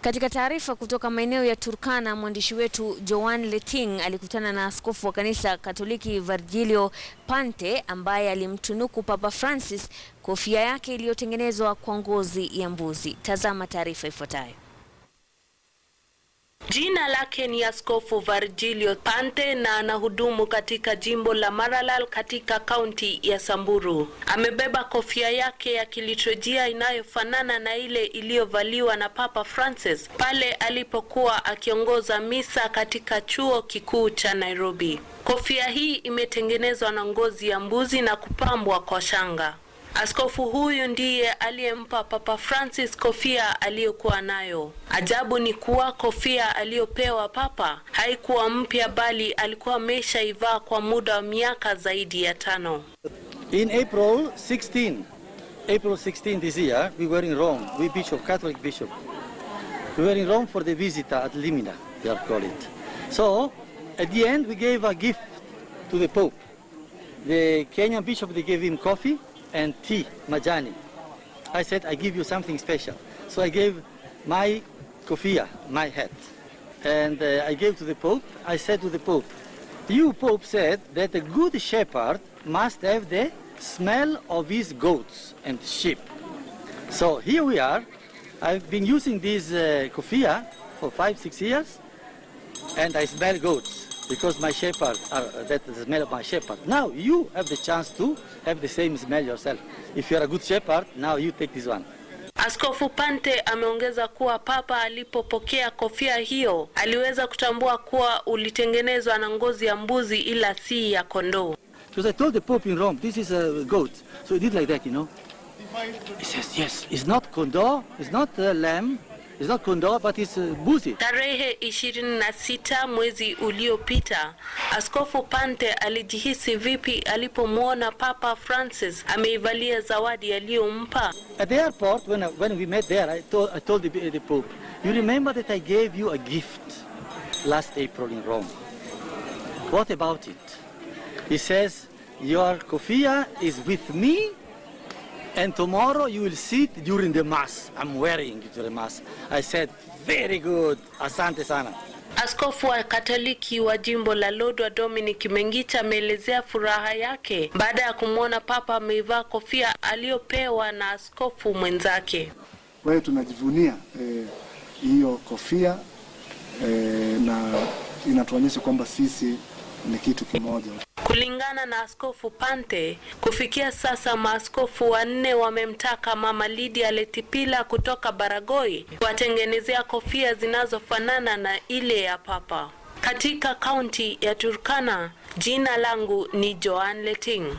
Katika taarifa kutoka maeneo ya Turkana, mwandishi wetu Joan Leting alikutana na askofu wa kanisa Katoliki Virgilio Pante ambaye alimtunuku Papa Francis kofia yake iliyotengenezwa kwa ngozi ya mbuzi. Tazama taarifa ifuatayo. Jina lake ni Askofu Virgilio Pante na anahudumu katika jimbo la Maralal katika kaunti ya Samburu. Amebeba kofia yake ya kilitrojia inayofanana na ile iliyovaliwa na Papa Francis pale alipokuwa akiongoza misa katika chuo kikuu cha Nairobi. Kofia hii imetengenezwa na ngozi ya mbuzi na kupambwa kwa shanga. Askofu huyu ndiye aliyempa Papa Francis kofia aliyokuwa nayo. Ajabu ni kuwa kofia aliyopewa Papa haikuwa mpya, bali alikuwa ameshaivaa kwa muda wa miaka zaidi ya tano. In April 16, April 16 this year, we were in Rome, we bishop, Catholic bishop. We were in Rome for the visita at Limina, they are call it. So, at the end we gave a gift to the Pope. The Kenyan bishop, they gave him coffee. and tea, majani. I said, I give you something special. So I gave my kofia, my hat. And uh, I gave to the Pope. I said to the Pope, you, Pope, said that a good shepherd must have the smell of his goats and sheep. So here we are. I've been using this uh, kofia for five, six years, and I smell goats. because my shepherd, are, uh, that the smell of my shepherd. Now you have the chance to have the same smell yourself. If you are a good shepherd, now you take this one. Askofu Pante ameongeza kuwa papa alipopokea kofia hiyo aliweza kutambua kuwa ulitengenezwa na ngozi ya mbuzi ila si ya kondoo. So I told the Pope in Rome, this is a goat. So he did like that, you know. He says, yes, it's not condor, it's not a lamb, It's not Kondoa, but it's uh, Buzi. Tarehe 26 mwezi uliopita, Askofu Pante alijihisi vipi alipomwona Papa Francis ameivalia zawadi aliyompa? At the airport when, I, when we met there, I told, I told the, the Pope, you remember that I gave you a gift last April in Rome. What about it? He says, your kofia is with me And tomorrow you will see it during the mass. I'm wearing it during mass. I said, very good. Asante sana. Askofu wa Katoliki wa jimbo la Lodwa Dominic Mengita ameelezea furaha yake baada ya kumwona Papa ameivaa kofia aliyopewa na askofu mwenzake. Kwa hiyo tunajivunia eh, hiyo eh, kofia eh, na inatuonyesha kwamba sisi ni kitu kimoja. Kulingana na Askofu Pante, kufikia sasa maaskofu wanne wamemtaka Mama Lydia Letipila kutoka Baragoi kuwatengenezea kofia zinazofanana na ile ya Papa. Katika kaunti ya Turkana, jina langu ni Joan Leting.